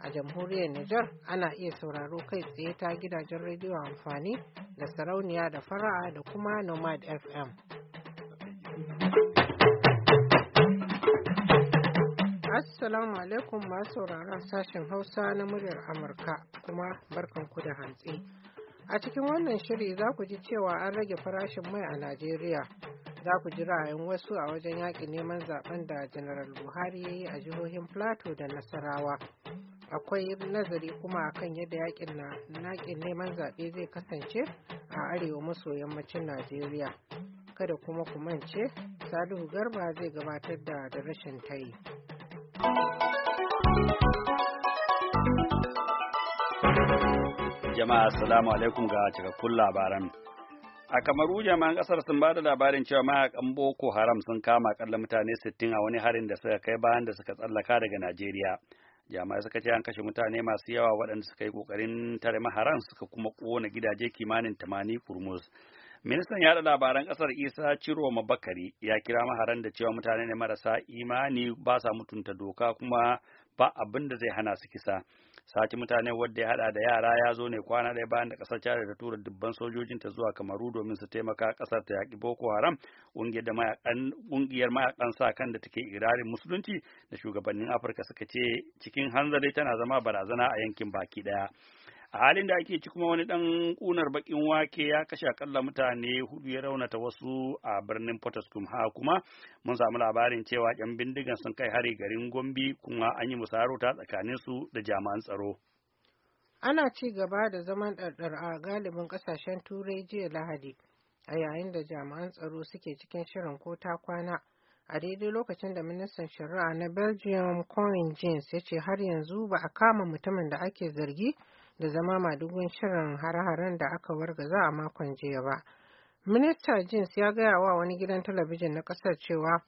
a jamhuriyar Nijar ana iya sauraro kai tsaye ta gidajen rediyo amfani da sarauniya da fara'a da kuma Nomad FM. Assalamu alaikum masu sauraron sashen Hausa na muryar Amurka kuma barkanku da hantsi. A cikin wannan shiri za ku ji cewa an rage farashin mai a Najeriya. Za ku ji ra'ayin wasu a wajen yaƙi neman zaben da General Buhari ya yi a jihohin Plateau da Nasarawa. akwai nazari kuma akan yadda yakin na nakin neman zaɓe zai kasance a arewa maso yammacin najeriya kada kuma ku mance salihu garba zai gabatar da da rashin tayi jama'a assalamu alaikum ga cikakkun labaran A Kamaru jami'an kasar sun ba da labarin cewa mayakan Boko Haram sun kama akalla mutane 60 a wani harin da suka kai bayan da suka tsallaka daga Najeriya. jami'ai suka ce an kashe mutane masu yawa waɗanda suka yi ƙoƙarin tare maharan suka kuma ƙona gidaje kimanin tamani kurmus ministan yaɗa labaran ƙasar isa ciro mabakari ya kira maharan da cewa mutane ne marasa imani ba sa mutunta doka kuma ba abin da zai hana su kisa sace mutane wadda ya hada da yara ya zo ne kwana ɗaya bayan da kasar Chad ta tura dubban sojojinta zuwa Kamaru domin su taimaka ƙasar ta yaƙi Boko Haram ƙungiyar da mayakan ƙungiyar mayakan sa kan da take irarin musulunci da shugabannin Afirka suka ce cikin hanzari tana zama barazana a yankin baki ɗaya. a halin da ake ci kuma wani ɗan kunar bakin wake ya kashe akalla mutane hudu ya raunata wasu a birnin Potoskum ha kuma mun samu labarin cewa yan bindigan sun kai hari garin gombi kuma an yi musarauta tsakanin su da jami'an tsaro ana ci gaba da zaman ɗarɗar a galibin ƙasashen turai jiya lahadi a yayin da jami'an tsaro suke cikin shirin ko ta kwana a daidai lokacin da ministan shari'a na belgium coin jeans ya ce har yanzu ba a kama mutumin da ake zargi da zama madugun shirin hare-haren da aka wargaza a makon jiya ba. Minista Jins ya gaya wa wani gidan talabijin na ƙasar cewa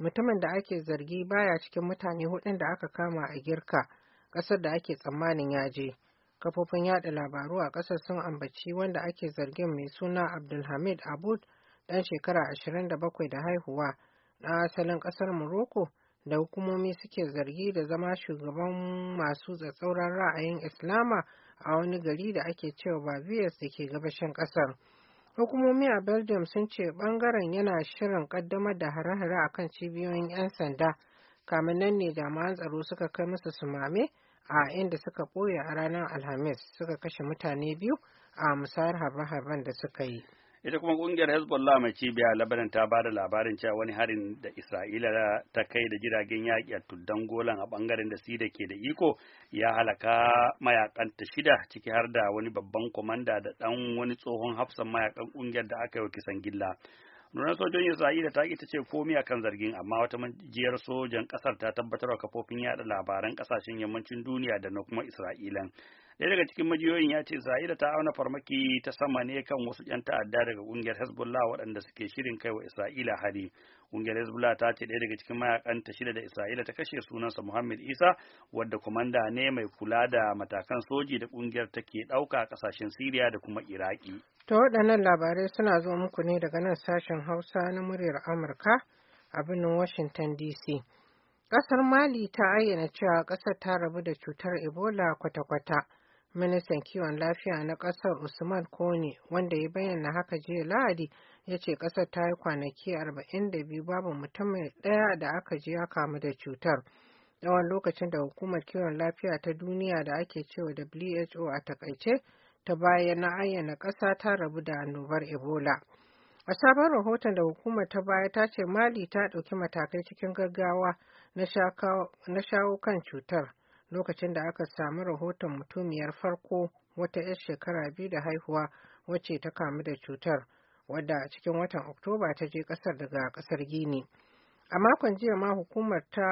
mutumin da ake zargi baya cikin mutane hudun da aka kama a girka ƙasar da ake tsammanin ya je. Kafofin yaɗa labaru a ƙasar sun ambaci wanda ake zargin mai suna Abdulhamid Abud ɗan shekara 27 da haihuwa na asalin ƙasar Morocco da hukumomi suke zargi da zama shugaban masu tsatsauran ra'ayin Islama a wani gari da ake cewa Baviers da ke gabashin ƙasar. Hukumomi a Belgium sun ce bangaren yana shirin ƙaddamar da hare-hare a kan cibiyoyin 'yan sanda, kamin nan ne jami'an tsaro suka kai musu sumame a inda suka ɓoye a ranar Alhamis suka kashe mutane biyu a musayar harbe-harben da suka yi. ita kuma kungiyar hezbollah mai cibiya labarin ta ba da labarin cewa wani harin da isra'ila ta kai da jiragen yaƙi a tuddan golan a bangaren da sida ke da iko ya halaka ta shida ciki har da wani babban kwamanda da ɗan wani tsohon hafsan mayakan kungiyar da aka yi wa kisan gilla nuna sojojin isra'ila ta ƙi ta ce komi akan zargin amma wata majiyar sojan ƙasar ta tabbatar wa kafofin yaɗa labaran ƙasashen yammacin duniya da na kuma isra'ilan ɗaya daga cikin majiyoyin ya ce zahira ta auna farmaki ta sama ne kan wasu 'yan ta'adda daga ƙungiyar hezbollah waɗanda suke shirin kai wa isra'ila hari ƙungiyar hezbollah ta ce ɗaya daga cikin mayakanta shida da isra'ila ta kashe sunansa muhammad isa wadda kwamanda ne mai kula da matakan soji da ƙungiyar take ɗauka a ƙasashen siriya da kuma iraki ta waɗannan labarai suna zo muku ne daga nan sashen hausa na muryar amurka a birnin washington dc ƙasar mali ta ayyana cewa ƙasar ta rabu da cutar ebola kwata-kwata ministan kiwon lafiya na kasar usman kone wanda ya bayyana haka jiya lahadi ya ce kasar ta yi kwanaki 42 babu mutum daya da aka ji ya kamu da cutar tsawon lokacin da hukumar kiwon lafiya ta duniya da ake cewa who a takaice ta bayyana ayyana ƙasa ta rabu da annobar ebola a sabon rahoton da hukumar ta baya ta ce mali ta ɗauki matakai cikin gaggawa na shawo kan cutar lokacin da aka samu rahoton mutumiyar farko wata 'yar shekara biyu da haihuwa wacce ta kamu da cutar wadda a cikin watan oktoba ta je kasar daga kasar gini a makon jiya ma hukumar ta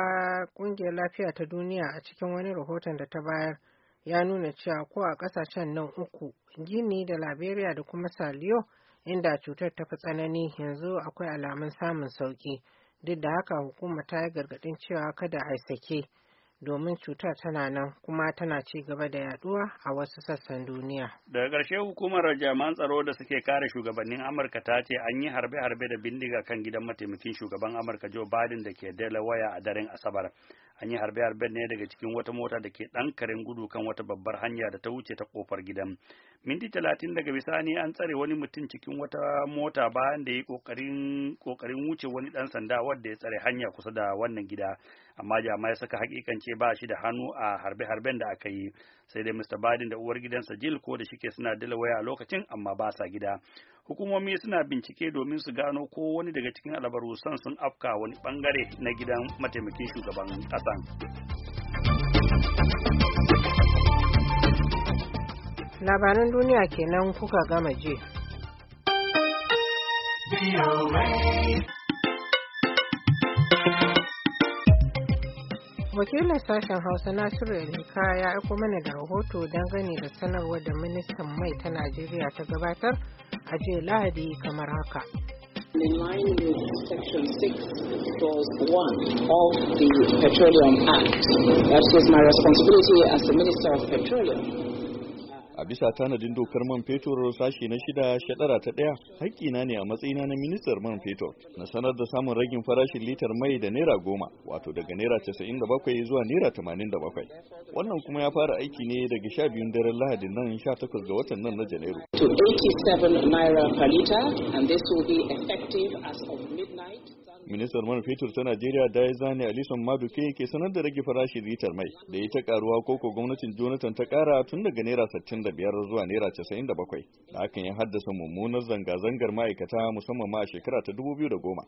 kungiyar lafiya ta duniya a cikin wani rahoton da ta bayar ya nuna cewa ko a kasashen nan uku gini da liberia da kuma saliyo inda cutar ta fi tsanani yanzu akwai alamun samun sauki duk da haka hukumar ta yi gargadin cewa kada a sake domin cutar tana nan kuma tana ci gaba da yaduwa a wasu sassan duniya. Daga ƙarshe hukumar jami'an tsaro da suke kare shugabannin Amurka ta ce an yi harbe-harbe da bindiga kan gidan mataimakin shugaban Amurka Joe Biden da ke Delaware a daren Asabar. an yi harbe harbe ne daga cikin wata mota da ke ɗan karen gudu kan wata babbar hanya da ta wuce ta kofar gidan minti talatin daga bisani an tsare wani mutum cikin wata mota bayan da ya yi kokarin wuce wani dan sanda wanda ya tsare hanya kusa da wannan gida amma jami'ai suka hakikance ba shi da hannu a harbe harben da aka yi sai dai Mr. Biden da uwar gidansa Jill ko da shike suna Delaware a lokacin amma ba sa gida. Hukumomi suna bincike domin su gano ko wani daga cikin albarusan sun afka wani bangare na gidan mataimakin shugaban kasan. Labaran duniya kenan kuka gama je. thank you wakilin sashen hausa nasiru elika ya aiko mana da rahoto dangane da sanarwar da ministan mai ta najeriya ta gabatar a jiya lahadi kamar haka In line with Section 6, Clause 1 of the Petroleum Act, that was my responsibility as the Minister of Petroleum. a bisa tanadin dokar man fetur sashi na shida shadara ta ɗaya haƙƙina ne a matsayina na ministar man fetur na sanar da samun ragin farashin litar mai da naira goma wato daga naira casa'in da bakwai zuwa naira tamanin da bakwai wannan kuma ya fara aiki ne daga sha biyun daren lahadin nan sha takwas ga watan nan na janairu. to 87 naira per liter and this will be effective as of ministan man fetur ta najeriya da ya zane alison maduke ke sanar da rage farashi litar mai da ya ta karuwa koko gwamnatin jonathan ta kara tun daga naira biyar zuwa naira casa'in da bakwai da hakan ya haddasa mummunar zanga-zangar ma'aikata musamman ma a shekara ta dubu biyu da goma.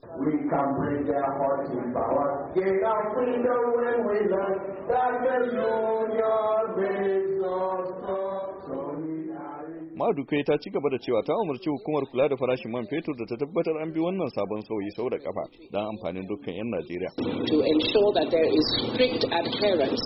ma'adukai ta ci gaba da cewa ta umarci hukumar kula da farashin man fetur da ta tabbatar an bi wannan sabon sauyi sau da kafa don amfanin dukkan 'yan Najeriya. To ensure that there is strict adherence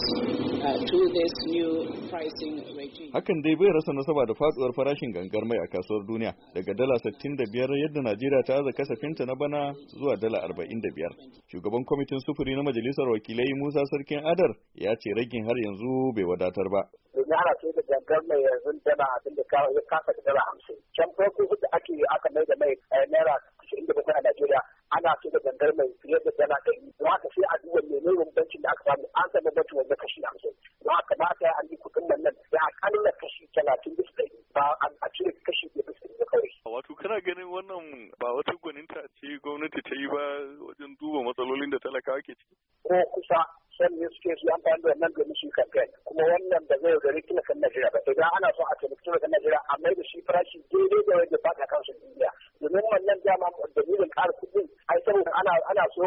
uh, to this new pricing regime. Hakan dai bai rasa nasaba da faduwar farashin gangar mai a kasuwar duniya daga dala 65 yadda Najeriya ta aza kasafinta na bana zuwa dala 45. Shugaban kwamitin sufuri na majalisar wakilai Musa Sarkin Adar ya ce ragin har yanzu bai wadatar ba. Domin ana ce da gangar mai yanzu abin da kawai kasa da naira hamsin can farko da ake yi aka mai da mai eh, naira ashirin da bakwai a najeriya ana so da gangar mai fiye da dala ɗari don ka sai a duba mene bankin da aka samu an samu batu wanda kashi hamsin don haka ba ta yi an yi kuɗin nan nan da akalla kashi talatin bisa ɗari ba a cire kashi biyar bisa ɗari kawai. wato kana ganin wannan ba wata gwaninta ce gwamnati ta yi ba wajen duba matsalolin da talakawa ke ciki. ko kusa sani ne suke su amfani da wannan domin su kamfen kuma wannan ba zai gari talakan Najeriya ba idan ana son a taimaki talakan Najeriya a mai da shi farashi daidai da wanda ba ta kansu duniya domin wannan dama dalilin ƙara kuɗin ai saboda ana ana so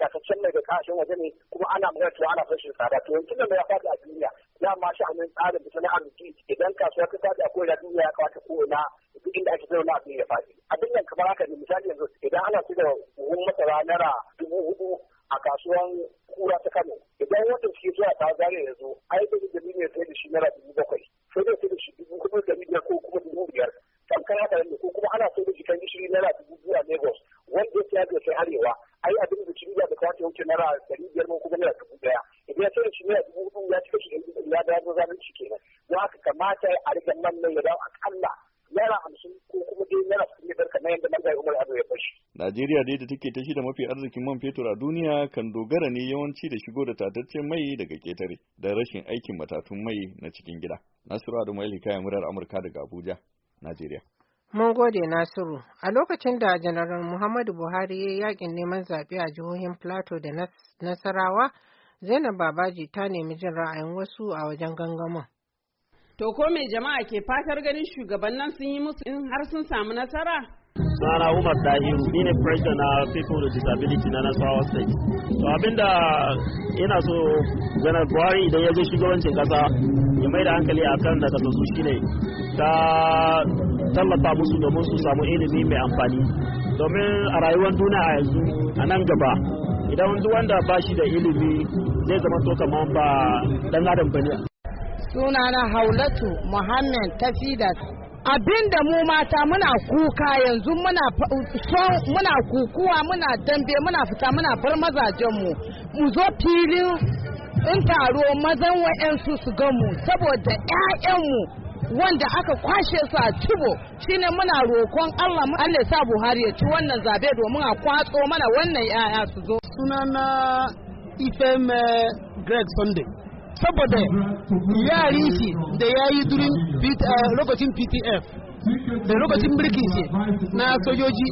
takaccen mai da kashin waje ne kuma ana magana cewa ana fashin tsada to yanzu da ya faɗi a duniya ya ma shi hannun tsarin da na arziki idan kasuwa ta faɗi a kowane duniya ya kawata ko'ina duk inda ake zaune abin ya faɗi a nan kamar haka ne misali yanzu idan ana so da buhun masara naira dubu hudu a kasuwan kura ta kano idan wanda ke zuwa ta zare ya zo ai da ni ne sai da shi naira dubu bakwai sai da sai da shi dubu kuma da biyar ko kuma dubu biyar kan kana haka ne ko kuma ana sai da shi kan gishiri naira dubu biyu a lagos wanda ya siya sai arewa ai abin da shi da ta wuce naira dari biyar ko kuma naira dubu daya idan ya sai da shi naira dubu hudu ya cika shi da ya dawo shi kenan ya haka kamata a rika nan ne ya dawo akalla naira hamsin ko kuma dai naira sittin da biyar na yadda Mangai Umar Ado ya fashi. Najeriya dai da take ta da mafi arzikin man fetur a duniya kan dogara ne yawanci da shigo da tataccen mai daga ketare da rashin aikin matatun mai na cikin gida. Nasiru Adamu ya murar Amurka daga Abuja, Najeriya. Mun gode Nasiru. A lokacin da Janaral Muhammadu Buhari ya yakin neman zaɓe a jihohin Plateau da Nasarawa, Zainab Babaji ta nemi jin ra'ayin wasu a wajen gangamin. To ko mai jama'a ke fatar ganin shugaban nan sun yi musu in har sun samu nasara? Sana Umar Dahiru, ni ne president na People with Disability na Nasarawa State. To abinda ina so ganar Buhari idan ya zo shugabancin kasa ya mai da hankali a kan da su shine ta tallafa musu domin su samu ilimi mai amfani. Domin a rayuwar duniya a yanzu a nan gaba idan wanda ba shi da ilimi zai zama to kamar ba dan adam bane sunana haulatu muhammad tafidas abinda mu mata muna kuka yanzu muna kukuwa muna dambe muna fita muna bar mazajenmu mu zo filin in taro mazan wa'yansu su ganmu saboda 'ya'yanmu wanda aka kwashe su a tubo shine muna rokon Allah Allah sa Buhari ya ci wannan zabe domin a kwatso mana wannan 'ya'ya su zo sunana Ifeme Greg Sunday saboda yari shi da ya yi durin eh, lokacin ptf da lokacin mulkin shi na sojoji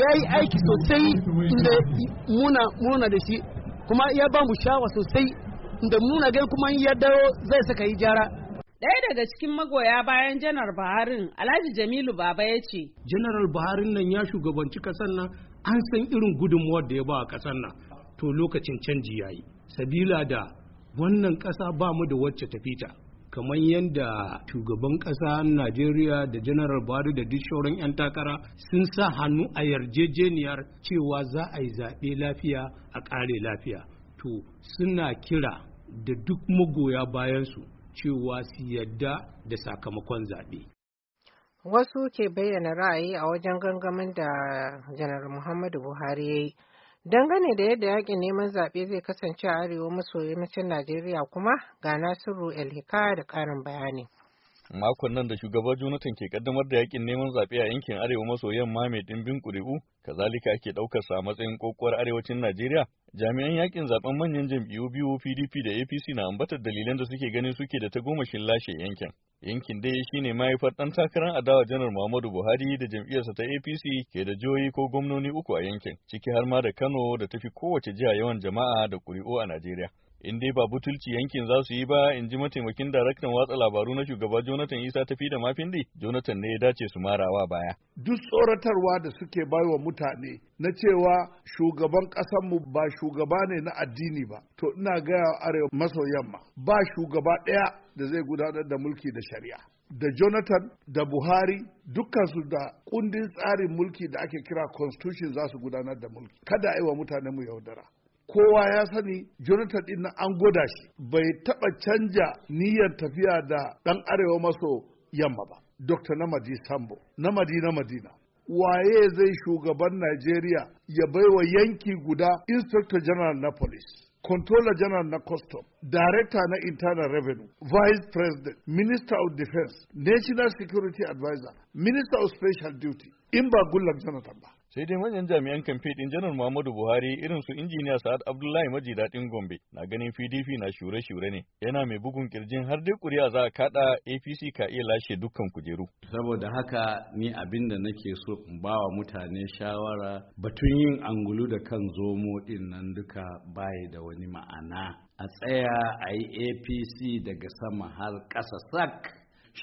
ya yi aiki sosai inda muna muna da shi kuma ya ba mu shawa sosai inda muna gai kuma ya dawo zai saka yi jara Ɗaya daga cikin magoya bayan Janar Buharin, Alhaji Jamilu Baba ya ce. Janar Buharin nan ya shugabanci kasar nan an san irin gudunmuwar da ya ba a ƙasar nan. To lokacin canji yayi. Sabila da wannan ƙasa ba mu da wacce ta fita kamar yadda shugaban ƙasa najeriya da general buhari da duk shauran 'yan takara sun sa hannu a yarjejeniyar cewa za a yi zaɓe lafiya a ƙare lafiya to suna kira da duk magoya bayansu cewa su yadda da sakamakon zaɓe wasu ke bayyana ra'ayi a wajen gangamin da janar muhammadu buhari ya yi Dangane da yadda yakin neman zaɓe zai kasance a arewa maso yammacin Najeriya kuma ga Nasiru El da ƙarin bayani. makon nan da shugaba Jonathan ke kaddamar da yakin neman zaɓe a yankin arewa maso yamma mai ɗimbin ƙuri'u, kazalika ake ɗaukar sa matsayin kokowar arewacin Najeriya. Jami'an yakin zaɓen manyan jam'iyyu biyu PDP da APC na ambatar dalilan da suke ganin suke da tagomashin lashe yankin. Yankin dai shine mahaifar ɗan takarar adawa janar Muhammadu Buhari da jam'iyyarsa ta APC ke da jihohi ko gwamnoni uku a yankin, ciki har ma da Kano da tafi kowace jiha yawan jama'a da ƙuri'u a Najeriya. in dai ba butulci yankin za su yi ba in ji mataimakin daraktan watsa labaru na shugaba jonathan isa ta fi da mafindi jonathan ne ya dace su marawa baya duk tsoratarwa da suke baiwa mutane na cewa shugaban ƙasanmu ba shugaba ne na addini ba to ina gaya arewa maso yamma ba shugaba ɗaya da zai gudanar da mulki da shari'a da jonathan da buhari dukkansu da kundin tsarin mulki da ake kira constitution za su gudanar da mulki kada a yi wa mu yaudara kowa ya sani jonathan din an goda shi bai taba canja niyyar tafiya da dan arewa maso yamma ba dr namadi sambo namadi na madina waye zai shugaban najeriya ya baiwa yanki guda inspector general na police Controller General na Custom, Director na Internal Revenue, Vice President, Minister of Defense, National Security Advisor, Minister of Special Duty, in ba Goodluck Jonathan ba. sai dai manyan jami'an kamfe din janar Muhammadu Buhari irin su injiniya Sa'ad Abdullahi Maji daɗin Gombe na ganin PDP na shure-shure ne yana mai bugun kirjin har dai kuri'a za a kaɗa APC ka iya lashe dukkan kujeru saboda haka ni abin da nake so in wa mutane shawara batun yin angulu da kan zomo din nan duka baya da wani ma'ana a tsaya a yi APC daga sama har ƙasa sak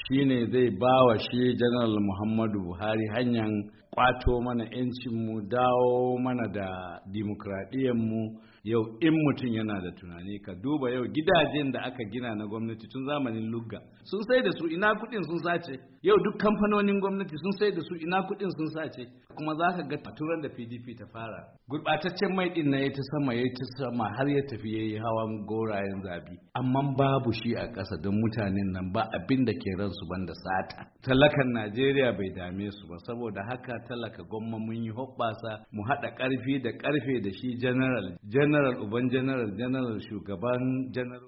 shine zai ba wa shi janar muhammadu buhari hanyar kwato mana 'yancinmu dawo mana da dimokuraɗiyyarmu yau in mutum yana da tunani ka duba yau gidajen da aka gina na gwamnati tun zamanin lugga sun sai da su ina kuɗin sun sace yau duk kamfanonin gwamnati sun sai da su ina kuɗin sun sace kuma za ka ga turan da pdp ta fara gurɓataccen mai ɗin na ya ta sama ya ta sama har ya tafi ya yi hawan gorayen zabi amma babu shi a ƙasa don mutanen nan ba abin da ke ransu ban da sata talakan najeriya bai dame su ba saboda haka talaka gwamma mun yi hoɓɓasa mu haɗa ƙarfi da ƙarfe da shi general general uban general general shugaban general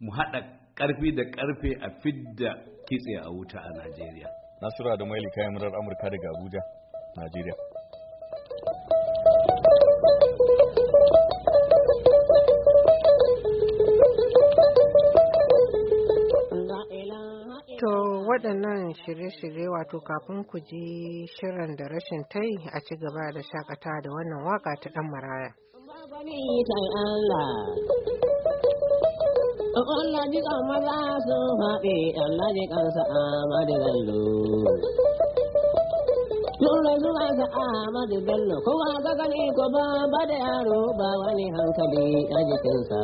mu haɗa ƙarfi da ƙarfe a fidda kitse a wuta a Najeriya. Nasura da Maili kayan murar Amurka daga Abuja, Najeriya. To waɗannan shirye-shirye wato kafin ku ji shirin da rashin tai a ci gaba da shakata da wannan waka ta ɗan maraya. Allah. Allah ji kan maza sun faɗi Allah ji kan sa'a madadallo. Nuna zuwa ga Ahmadu Bello, kowa ga gani ko ba ba da yaro ba wani hankali a jikinsa.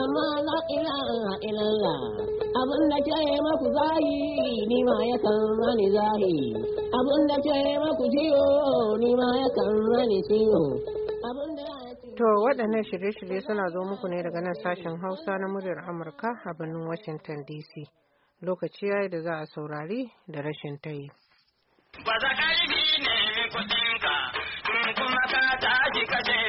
Amma la ilaha illallah abin da ke maku zahiri ni ma yakan zani zahiri. abun da ke maku ciwo ni ma yakan mani ciwo abun da To waɗannan shirye-shirye suna zo muku ne daga nan sashen Hausa na muryar Amurka a birnin Washington DC. Lokaci ya yi da za a saurari da rashin tayi. Ba za ne kuɗinka, kuma ka tashi kashe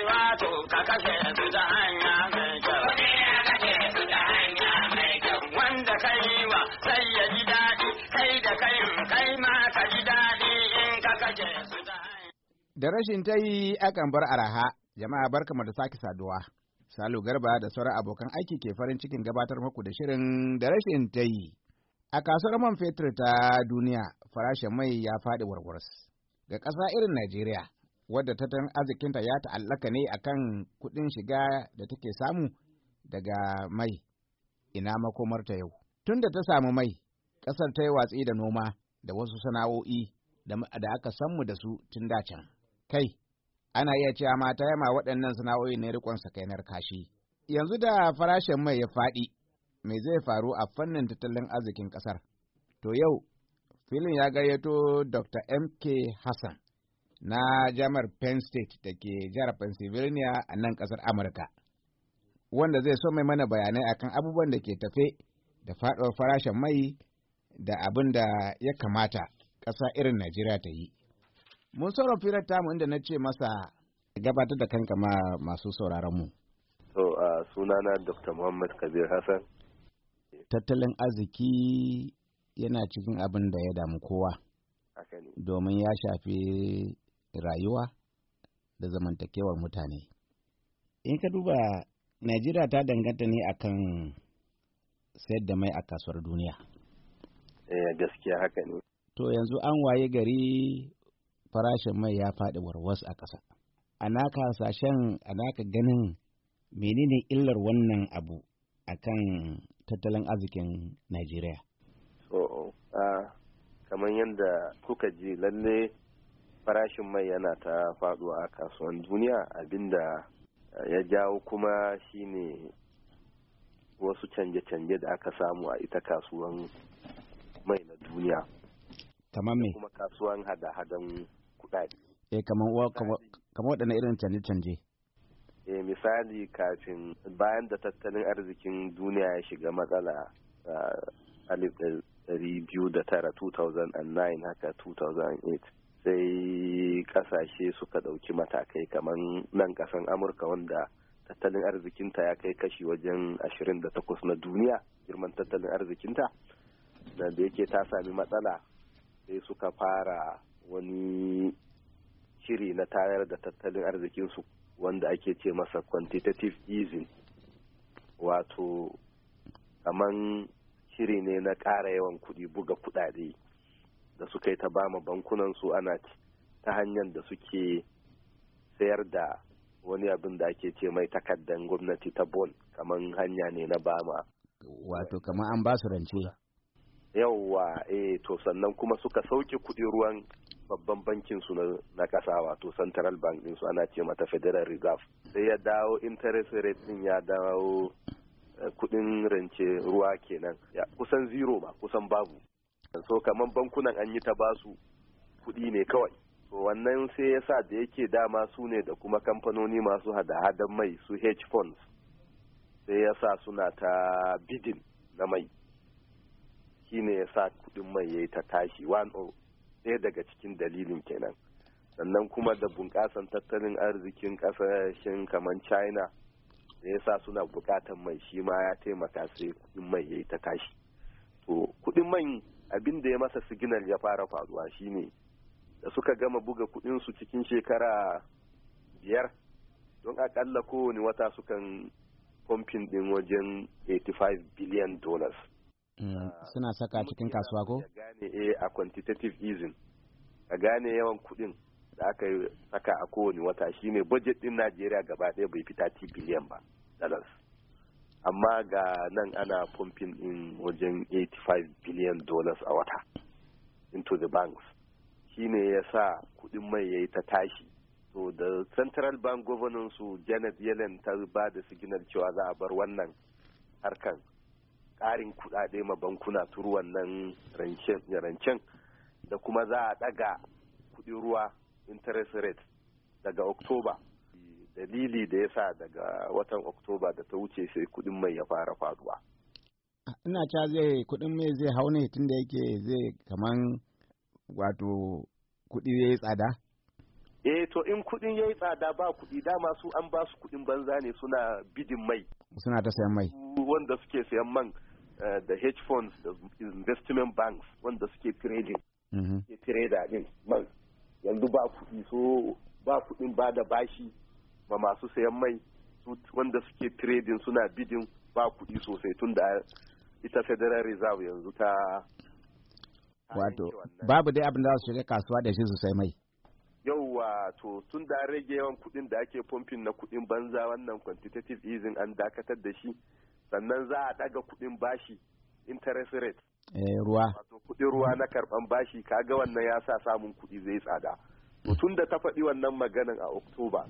Da rashin ta yi akan bar araha, jama'a barkamu da sake saduwa. Salu Garba da sauran abokan aiki ke farin cikin gabatar muku da shirin da rashin ta yi. A kasuwar man fetur ta duniya, farashin mai ya faɗi warwars. Ga ƙasa irin Najeriya, wadda tattalin arzikinta ya ta'allaka ne akan kuɗin shiga da take samu daga mai, ina makomar ta yau. Tun da ta samu mai, ƙasar ta yi watsi da noma da wasu sana'o'i da aka san mu da su tun da can. Kai, ana iya cewa mata yama waɗannan sana'o'i ne rikon sakainar kashi. Yanzu da farashin mai ya faɗi, me zai faru a fannin tattalin arzikin ƙasar? To yau, filin ya gayyato Dr. M.K. Hassan na jamar Penn State da ke jihar Pennsylvania a nan ƙasar Amurka, wanda zai so mai mana bayanai akan abubuwan da ke tafe da faɗuwar farashin mai da abin da ya kamata ƙasa irin Najeriya ta yi. mun saura firar tamu inda na ce masa gabatar da kanka ma masu sauraron mu to a uh, sunana dr muhammad kabir hassan tattalin arziki yana cikin abin da ya damu kowa domin ya shafi rayuwa da zamantakewar mutane in ka duba najeriya ta danganta ne akan sayar da mai a kasuwar duniya eh gaskiya haka ne to yanzu an waye gari farashin mai ya faɗi warwas a ƙasa. A naka sashen a naka ganin menene illar wannan abu a kan tattalin arzikin Najeriya? Oh, oh. a ah, kamar yadda kuka ji lalle farashin mai yana ta faɗuwa a kasuwan duniya abinda ah, ya jawo kuma shine wasu canje-canje da aka samu a ita kasuwan mai na duniya kamar me kuma kasuwan hada-hadan kudade. Eh kamar uwa kamar waɗanne irin canje-canje. Eh misali kafin bayan da tattalin arzikin duniya ya shiga matsala ah, alif ɗari biyu da tara 2009 haka 2008 sai kasashe suka ɗauki matakai kamar nan ƙasan amurka wanda tattalin arzikinta ya kai kashi wajen 28 na duniya girman tattalin arzikinta da yake ta sami matsala sai suka fara wani shiri na tayar da tattalin arzikinsu wanda ake ce masa quantitative easing wato kaman shiri ne na ƙara yawan kuɗi buga kuɗaɗe da suka yi ta bama bankunansu ana ta hanyar da suke sayar da wani abin da ake ce mai takardar gwamnati ta bon kamar hanya ne na bama wato kamar an ba su rance yauwa eh to sannan kuma suka sauke kuɗi ruwan babban bankin su na kasa wato central bank din su ana ce mata federal reserve sai ya dawo interest rate din ya dawo eh, kudin rance ruwa kenan ya kusan zero ma kusan babu so kamar bankunan an yi ta basu kudi ne kawai so wannan sai ya sa da yake dama su ne da kuma kamfanoni masu hada-hadan mai su hedge funds sai ya sa suna ta bidin na mai shine ya sa kudin mai ya ta tashi O. ɗaya daga cikin dalilin kenan sannan kuma da bunƙasan tattalin arzikin ƙasashen kamar china da ya sa suna buƙatar mai shi ma ya taimaka sai kuɗin mai ya yi ta tashi to kuɗin mai abin da ya masa siginal ya fara faruwa shine da suka gama buga kuɗinsu cikin shekara biyar don aƙalla kowane wata sukan fomfin ɗin wajen 85 billion dollars Mm, ah, suna saka cikin kasuwa ko? gane eh, a quantitative easing. A gane yawan kuɗin da aka yi saka a kowane wata shine budget ɗin Najeriya gaba ɗaya bai fita t billion ba. Dollars. Amma ga nan ana pumping in wajen 85 billion dollars a wata into the banks. Shine ya sa kuɗin mai ya yi ta tashi. to da central bank governance su janet yellen ta ba da siginar cewa za a bar wannan harkan ƙarin kuɗaɗe ma bankuna turu wannan rancen da kuma za a ɗaga kuɗin ruwa interest rate daga oktoba dalili da ya sa daga watan oktoba da ta wuce sai kuɗin mai ya fara faduwa ina ta zai kuɗin mai zai hau ne tunda yake zai kaman wato kuɗi ya yi tsada eh to in kuɗin ya yi tsada ba kuɗi dama su an ba su kuɗin banza ne suna bidin mai suna ta sayan mai wanda suke sayan man Eh, da hedge funds da investment banks wanda suke trading mm-hmm. suke trader din man yanzu ba kuɗi so ba kuɗin ba da bashi ba masu sayan mai wanda suke trading suna bidin ba kuɗi sosai tun da ita federal reserve yanzu ta wato babu dai abin da za su shiga kasuwa da shi su sai mai yauwa to tun da rage yawan kuɗin da ake pumping na kuɗin banza wannan quantitative easing an dakatar da shi sannan za a ɗaga kuɗin bashi interest rate eh, ruwa wato kuɗin ruwa na karɓan bashi kaga wannan ya sa samun kuɗi zai tsada to tun da ta faɗi wannan maganin a oktoba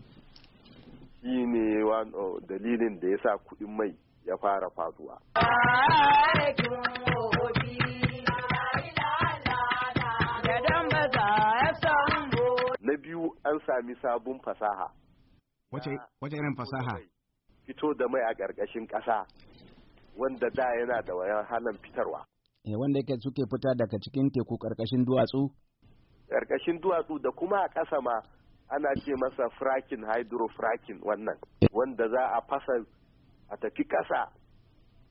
shi ne oh, dalilin da ya sa kuɗin mai ya fara faduwa na biyu an sami sabon fasaha wace irin fasaha fito da mai a ƙarƙashin ƙasa wanda da yana da wayan halin fitarwa. E wanda yake suke fita daga cikin teku ƙarƙashin duwatsu? Ƙarƙashin duwatsu da kuma a ƙasa ma ana ce masa fracking hydrofracking wannan eh. wanda za a fasa a tafi ƙasa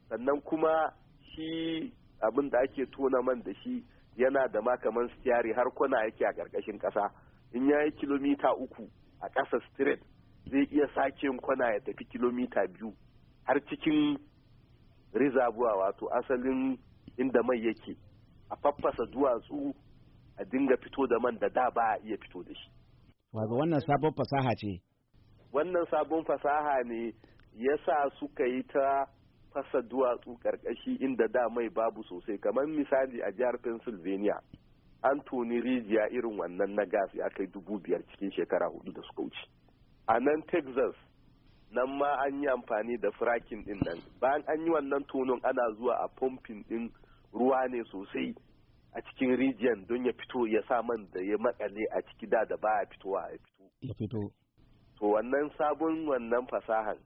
sannan kuma shi abin da ake tona man da shi yana da makaman stiyari har kuna yake a ƙarƙashin ƙasa in ya yi kilomita uku a ƙasa straight zai iya sake kwana ya tafi kilomita biyu har cikin rizabuwa wato asalin inda mai yake a faffasa duwatsu a dinga fito da man da da ba a iya fito da shi. Wato wannan sabon fasaha ce? Wannan sabon fasaha ne ya sa suka yi ta fasa duwatsu karkashi inda da mai babu sosai kamar misali a jihar Pennsylvania. An toni rijiya irin wannan na gas ya kai dubu biyar cikin shekara hudu da suka wuce. a nan texas nan ma an yi amfani da fracking din nan bayan an yi wannan tonon ana zuwa a pumping din ruwa ne sosai a cikin region don ya fito ya sa man da ya makale a ciki da da baya fitowa ya fito ya fito to wannan sabon wannan fasahan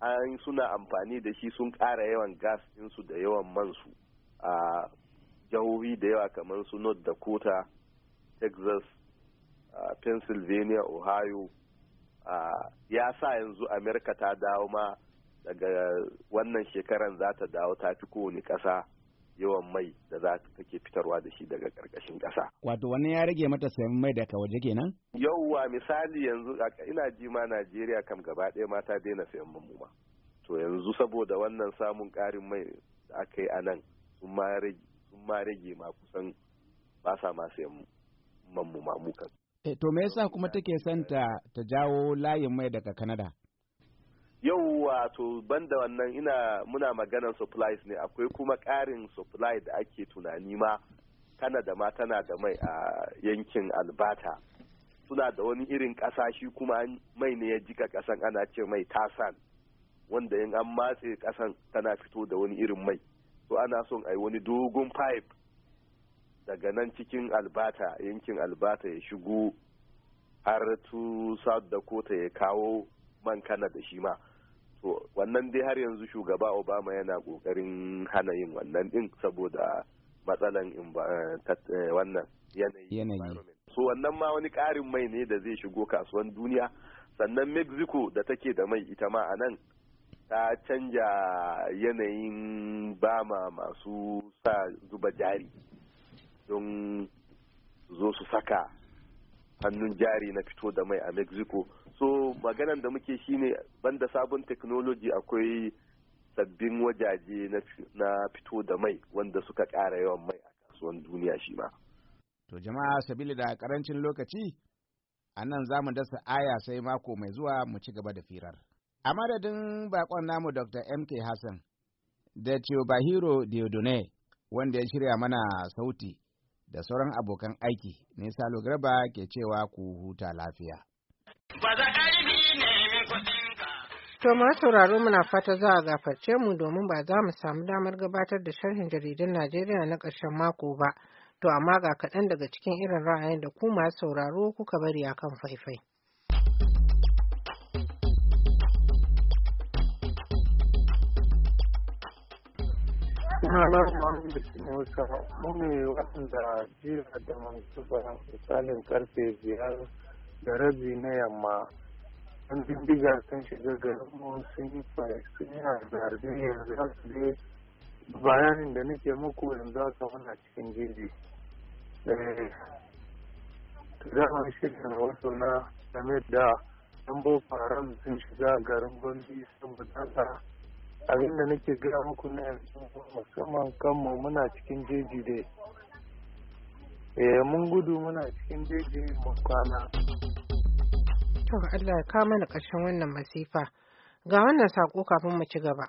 an suna amfani da shi sun ƙara yawan gas ɗinsu da yawan man su a jahohi da yawa kamar su north dakota texas pennsylvania ohio ya sa yanzu amerika ta dawo ma daga wannan shekaran za ta dawo ta fi kowane ƙasa yawan mai da za ta take fitarwa da shi daga ƙarƙashin ƙasa. Wato wani ya rage mata sayan mai daga waje kenan? Yauwa misali yanzu ina ji ma Najeriya kam gaba ɗaya mata daina sayan man ma. To yanzu saboda wannan samun ƙarin mai da aka yi a nan sun ma rage ma kusan ba sa ma sayan man mu kan. Eh, to me yasa kuma take son ta ta jawo layin mai daga kanada? Yau wato banda wannan ina muna maganar supplies ne akwai kuma ƙarin supply da ake tunani ma Canada ma tana da mai a yankin Albata. Suna da wani irin ƙasa shi kuma mai ne ya jika ƙasan ana ce mai tasan wanda in an matse ƙasan tana fito da wani irin mai. To ana son a wani dogon pipe daga nan cikin albata yankin albata ya shigo har tu south dakota ya kawo man kana da shi ma to wannan dai har yanzu shugaba obama yana kokarin hana yin wannan din saboda matsalan eh, eh, wannan yanayi so wannan ma wani ƙarin mai ne da zai shigo kasuwan duniya sannan mexico da take da mai ita ma a nan ta canja yanayin bama masu sa zuba jari don zo su saka hannun jari na fito da mai a mexico so maganan da muke shine banda sabon technology akwai sabbin wajaje na fito da mai wanda suka ƙara yawan mai a kasuwan duniya shi ma to jama'a sabili da karancin lokaci a nan za mu dasa aya sai mako mai zuwa mu ci gaba da firar a madadin bakon namu dr mk hassan da bahiro diodone wanda ya shirya mana sauti da sauran abokan aiki ne salo garba ke cewa ku huta lafiya. To ma sauraro muna fata za a gafarce mu domin ba za mu samu damar gabatar da sharhin jaridun Najeriya na ƙarshen mako ba, to amma ga kaɗan daga cikin irin ra'ayin da ku masu sauraro kuka bari a kan faifai. sunana muhammadu musa mu ne waɗanda jiya da fara misalin karfe biyar da rabi na yamma an bindiga sun shiga mu sun yi sun yi harbe yanzu su je bayanin da nake muku yanzu haka muna cikin jeji shirya shirin wasu na game da yan boko sun shiga garin gombe saboda haka abin da nake gaya muku na yanzu musamman kanmu muna cikin jeji dai eh, mun gudu muna cikin jeji kwana to Allah ya kama mana ƙarshen wannan masifa ga wannan saƙo kafin mu ci gaba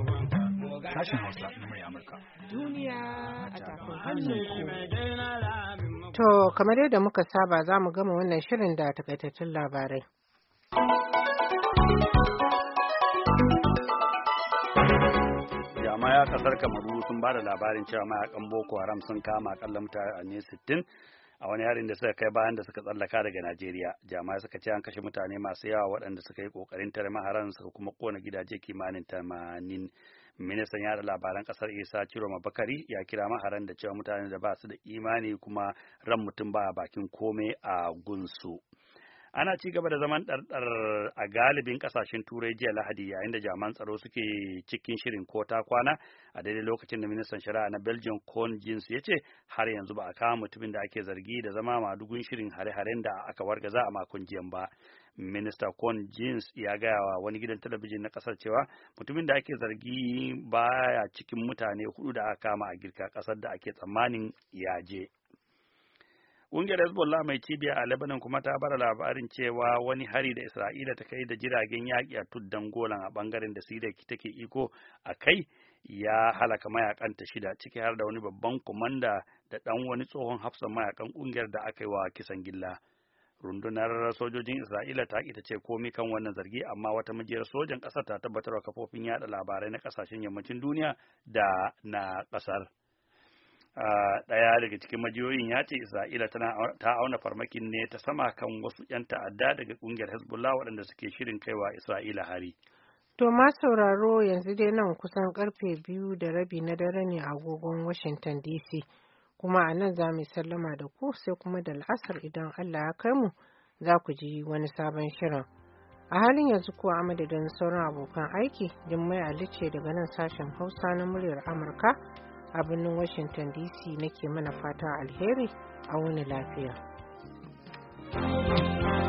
sashen Hausa na murya Amurka. Duniya a takon To, kamar yadda muka saba za mu gama wannan shirin da takaitattun labarai. ya kasar Kamaru sun ba da labarin cewa mayakan Boko Haram sun kama akalla mutane sittin. a wani harin da suka kai bayan da suka tsallaka daga Najeriya jama'a suka ce an kashe mutane masu yawa waɗanda suka yi ƙoƙarin tare maharan suka kuma kona gidaje kimanin tamanin ministan yada labaran kasar isa ciroma bakari ya kira maharan da cewa mutane da ba su da imani kuma ran mutum ba a bakin kome a gunsu ana ci gaba da zaman ɗarɗar a galibin ƙasashen turai jiya lahadi yayin da jaman tsaro suke cikin shirin ko ta kwana a daidai lokacin da ministan shari'a na belgium con jins ya ce har yanzu ba a kama mutumin da ake zargi da zama madugun shirin hare-haren da aka wargaza a makon jiyan ba minista kon Jins ya gaya wa wani gidan talabijin na kasar cewa mutumin da ake zargi baya cikin mutane hudu da aka kama a girka kasar da ake tsammanin ya je Ƙungiyar Hezbollah mai cibiya a Lebanon kuma ta bara labarin cewa wani hari da Isra'ila ta kai da jiragen yaƙi a tuddan Golan a ɓangaren da Siriya take iko a kai ya halaka mayakanta shida ciki har da wani babban kumanda da ɗan wani tsohon hafsan mayakan ƙungiyar da aka yi wa kisan gilla. rundunar sojojin isra'ila ta ita ce komi kan wannan zargi amma wata majiyar sojan ƙasar ta tabbatar kafofin yada labarai na ƙasashen yammacin duniya da na ƙasar ɗaya daga cikin majiyoyin ya ce isra'ila ta auna farmakin ne ta sama kan wasu 'yan ta'adda daga ƙungiyar hezbollah waɗanda suke shirin kaiwa isra'ila hari To ma sauraro yanzu dai nan kusan karfe biyu da rabi na dare ne a agogon Washington DC. kuma a nan za mu sallama da ku sai kuma da la'asar idan Allah ya kai mu za ku ji wani sabon shirin. A halin yanzu kuwa a madadin sauran abokan aiki, Jummai Ali ce daga nan sashen Hausa na muryar Amurka a birnin Washington DC nake mana fata alheri a wani lafiya. thank you